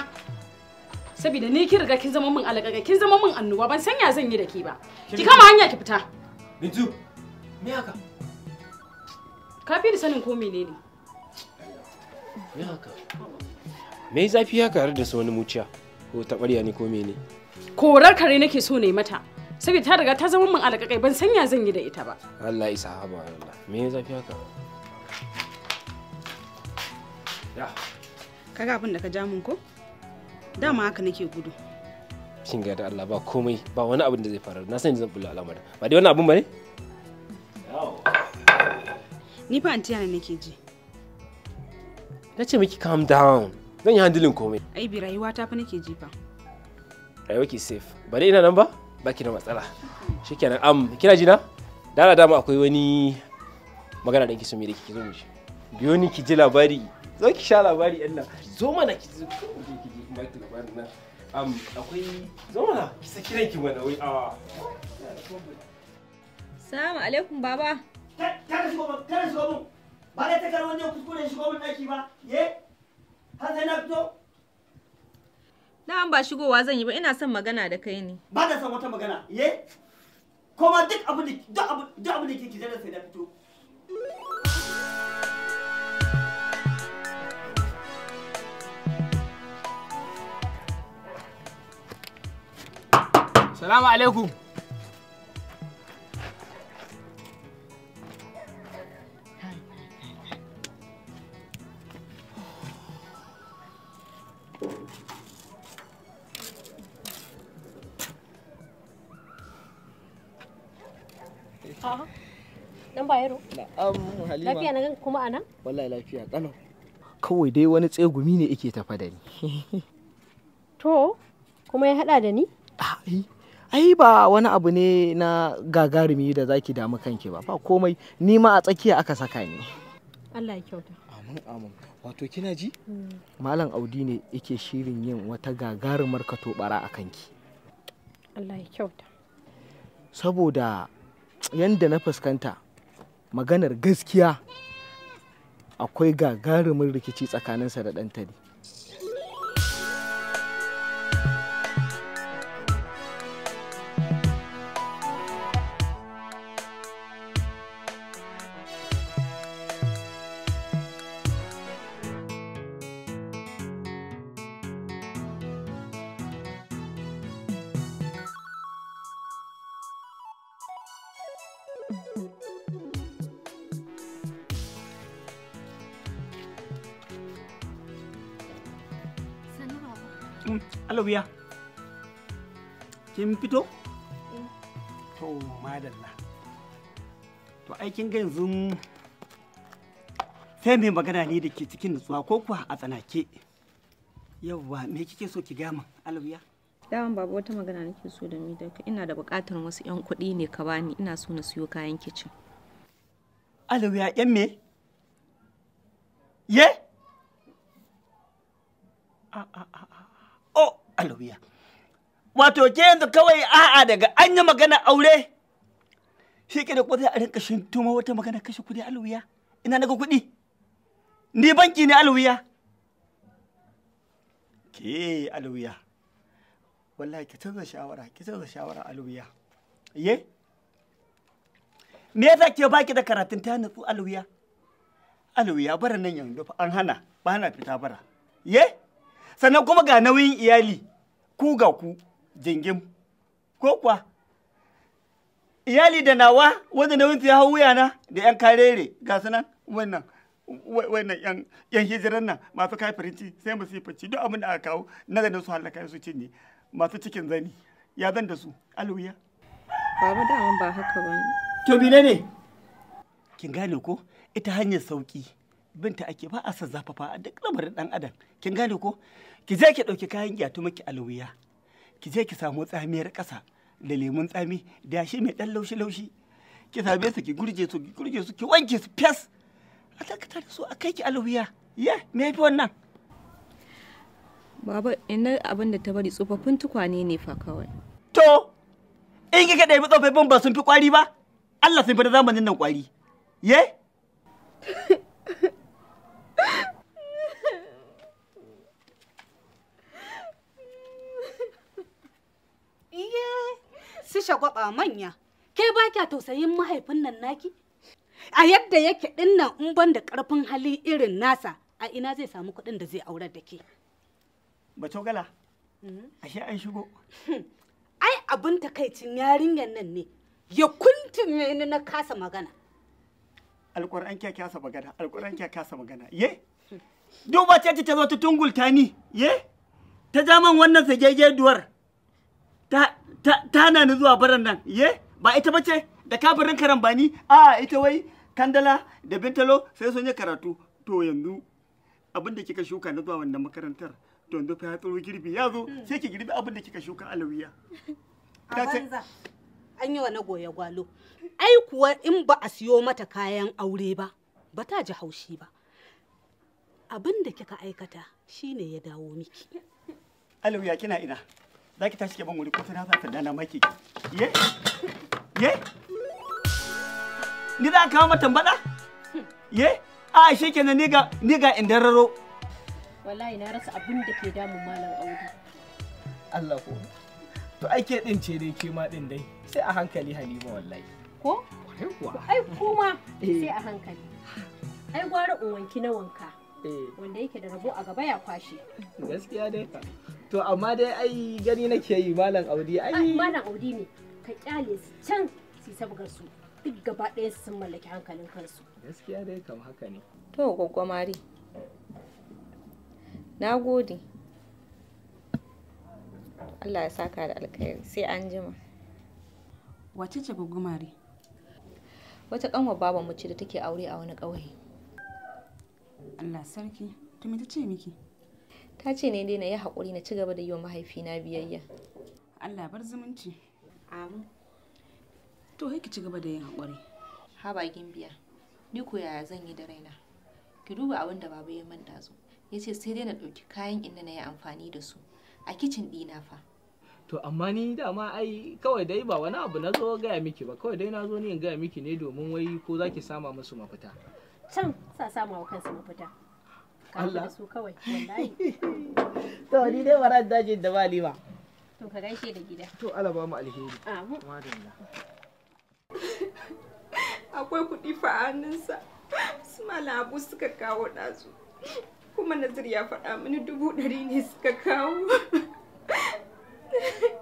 saboda ni kin riga kin zama min alƙaƙa kin zama min annuwa ban san ya zan yi da ke ba ki kama hanya ki fita bintu me haka ka fi da sanin ko menene me haka me zafi haka har da su wani muciya ko taɓarya ne ko mene korar kare nake so ne mata saboda ta riga ta zama min alƙaƙa ban san ya zan yi da ita ba Allah isa haba Allah me zafi haka ya kaga abin da ka ja mun ko dama haka nake gudu kin ga da Allah ba komai ba wani abin da zai faru na san zan bulla al'amarin ba dai wani abin bane ni fa antiya ne nake ji nace ce miki calm down zan yi handling komai ai bi rayuwa ta fa nake ji fa rayuwa ki safe ba dai ina nan ba baki da matsala shikenan am kina ji na dala dama akwai wani magana da kike so mi da kike zo mu biyo ni ki ji labari zo ki sha labari yan nan zo mana ki zo baki um, labarin baba kada shigo mun kada shigo mun ba da ta karwan ne kuskure shigo mun daki ba ye har sai na fito ba shigowa zan yi ba ina son magana da kai ne. Ba da son wata magana, ye? duk abu da duk da zai da Salamu alaikum. Lafiya na gan kuma anan? Wallahi lafiya kalau. Kawai dai wani tsegumi ne yake tafa da ni. To, kuma ya hada da ni? A'a. ai ba wani abu ne na gagarumi da zaki damu kanki ba ba komai ni ma a tsakiya aka saka ni Allah ya kyauta amin amin wato kina ji hmm. malam audi ne yake shirin yin wata gagarumar katobara a kanki Allah ya kyauta saboda yanda na fuskanta maganar gaskiya akwai gagarumin rikici tsakaninsa da ɗantali kin fito? To madalla. To aikin ga yanzu sai mai magana ne da ke cikin nutsuwa ko kuwa a tsanake. Yawwa me kike so ki gama alwiya? Dawan babu wata magana nake so da mi da ina da bukatar wasu 'yan kuɗi ne ka bani ina so na siyo kayan kicin. Alwiya 'yan me? Ye? A a a a. Oh, alwiya. wato ke yanzu kawai a'a daga an yi magana aure shi ke da kuma a rinka tuma wata magana kashe kudi alwiya ina naga kuɗi ni banki ne alwiya ke alwiya wallahi ki canza shawara ki canza shawara alwiya ye me yasa ke baki da karatun ta natsu alwiya alwiya bara nan yanzu an hana ba na fita bara ye sannan kuma ga nauyin iyali ku ga ku jingim ko kuwa iyali da nawa wanda nauyin ya hau na da yan karere ga su nan wannan wannan yan yan hijiran nan masu kai kafirinci sai mu sifaci duk abin da aka kawo nazarin su halaka su cinye masu cikin zani ya zan da su alwiya baba daman ba haka ba to bi ne kin gane ko ita hanyar sauki binta ake ba a san zafafa a duk lamarin dan adam kin gane ko ki je ki dauki kayan gyatu miki alwiya ki je ki samu tsamiyar ƙasa da lemun tsami da shi mai ɗan laushi-laushi ki same su ki gurje su ki gurje su ki wanke su fes a dakata da su a kai ki alwiya ya me fi wannan baba ina abin da ta bari tsofaffin tukwane ne fa kawai to in kika ɗaya tsofaffin ba sun fi kwari ba Allah sun fi na zamanin nan kwari ye su shagwaba manya ke ba kya tausayin mahaifin nan naki a yadda yake dinnan in ban da karfin hali irin nasa a ina zai samu kuɗin da zai aurar da ke batogala mhm. ashe an shigo ai abin takaicin yarinyar nan ne ya kuntume ni na kasa magana alƙur'an kya kasa magana alƙur'an kya kasa magana ye hmm. duba ce ta zo ta tungulta ni ye ta zaman wannan sagegge duwar ta ta na ni zuwa baran nan ye ba ita bace da kafirin karambani a ita wai kandala da bintalo sai sun yi karatu to yanzu abin da kika shuka na zuwa wannan makarantar to yanzu fa tsoro girbi ya zo hmm. sai ki girbi abin da kika shuka alawiya a banza an yi wa na goya gwalo ai kuwa in ba a siyo mata kayan aure ba ba ta ji haushi ba abin da kika aikata shine ya dawo miki alawiya kina ina za ki tashi ke ban wuri ko sai na sa sanda na maki ye ye ni za ka mata tambada ye a shi kenan ni ga ni ga indararo wallahi na rasa abin da ke damun malam Audu Allah ko to ai ke din ce dai ke ma din dai sai a hankali Halima wallahi ko ai kuma eh. sai a hankali ai gwara in wanki na wanka Eh. wanda yake da rabo a gaba ya kwashe gaskiya dai to amma dai ai gani nake yi malam audi ai malam audi ne ka kyale su can su sabgar su duk gaba ɗaya su sun mallaki hankalin kansu gaskiya dai kam haka ne to gwaggwamari na gode Allah ya saka da alkhairi sai an jima wace ce gwaggwamari wata kanwa babanmu ce da take aure a wani ƙauye Allah sarki, to me ta ce miki? Ta ce ne dai na yi haƙuri na ci gaba da yi wa mahaifina biyayya. Allah bar zumunci. Amin. To haiki ci gaba da yin haƙuri. Ha bakin biya. Ni ko yaya zan yi da raina? Ki duba abin da baba ya man dazu. Ya ce sai dai na ɗauki kayan inda na yi amfani da su. A kicin ɗina fa. to amma ni dama ai kawai dai ba wani abu na zo gaya miki ba kawai dai na zo ni in gaya miki ne domin wai ko zaki sama musu mafita can sa samu wa kansu mafita Allah su kawai wallahi to ni dai bara dajin da bali ba to ka gaishe da gida to Allah ba mu alheri amin akwai kuɗi fa hannunsa su malabu suka kawo ɗazu kuma nazir ya faɗa mini dubu ɗari ne suka kawo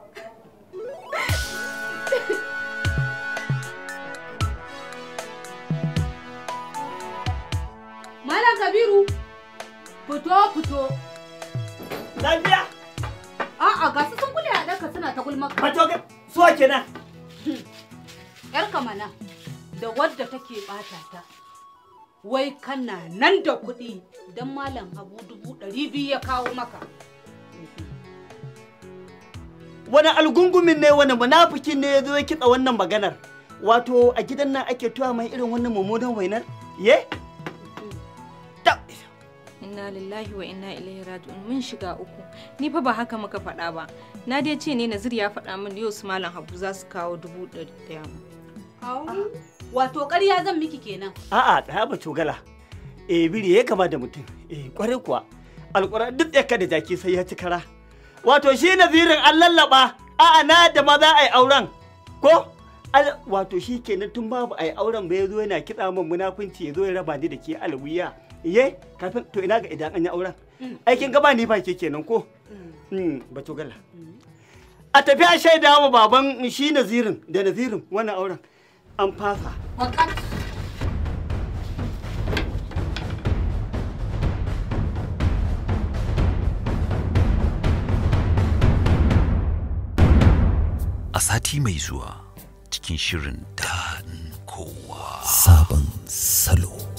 Samiya! A'a ga su sun kula da ɗanka suna ta gulmar ka. Mato ga suwa Yar kamana da wadda take bata ta. Wai kana nan da kuɗi don malam abu dubu ɗari biyu ya kawo maka. Wani algungumin ne wani munafikin ne ya zo ya kitsa wannan maganar. Wato a gidan nan ake tuwa mai irin wannan mummunan wainar? Ye? Hmm. inna lillahi wa inna ilaihi raji'un mun shiga uku ni fa ba haka muka faɗa ba na dai ce ne nazir ya faɗa min yau su malam habu za su kawo dubu ɗari ɗaya wato ƙarya zan miki kenan a'a ɗaya ba cogala e eh, biri ya kama da mutum e ƙwarai kuwa alƙura duk tsaka da jaki sai ya ci kara wato shi nazirin an lallaɓa. a'a na da ma za a yi auren ko wato shi kenan tun babu a yi auren ba ya zo yana kitsa min munafunci ya zo ya raba ni da ke alwiya iye kafin to ina ga idan an yi auren mm. aikin gaba ni ba ke kenan ko mm. mm, bato galla a tafi a shaida wa baban shi nazirin da nazirin wannan auren an fasa a sati mai zuwa cikin shirin da kowa sabon salo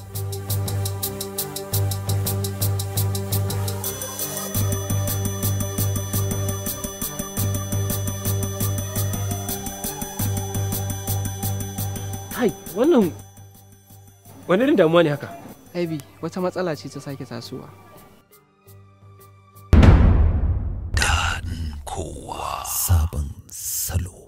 wannan wani irin damuwa ne haka aibi wata matsala ce ta sake tasowa kowa sabon salo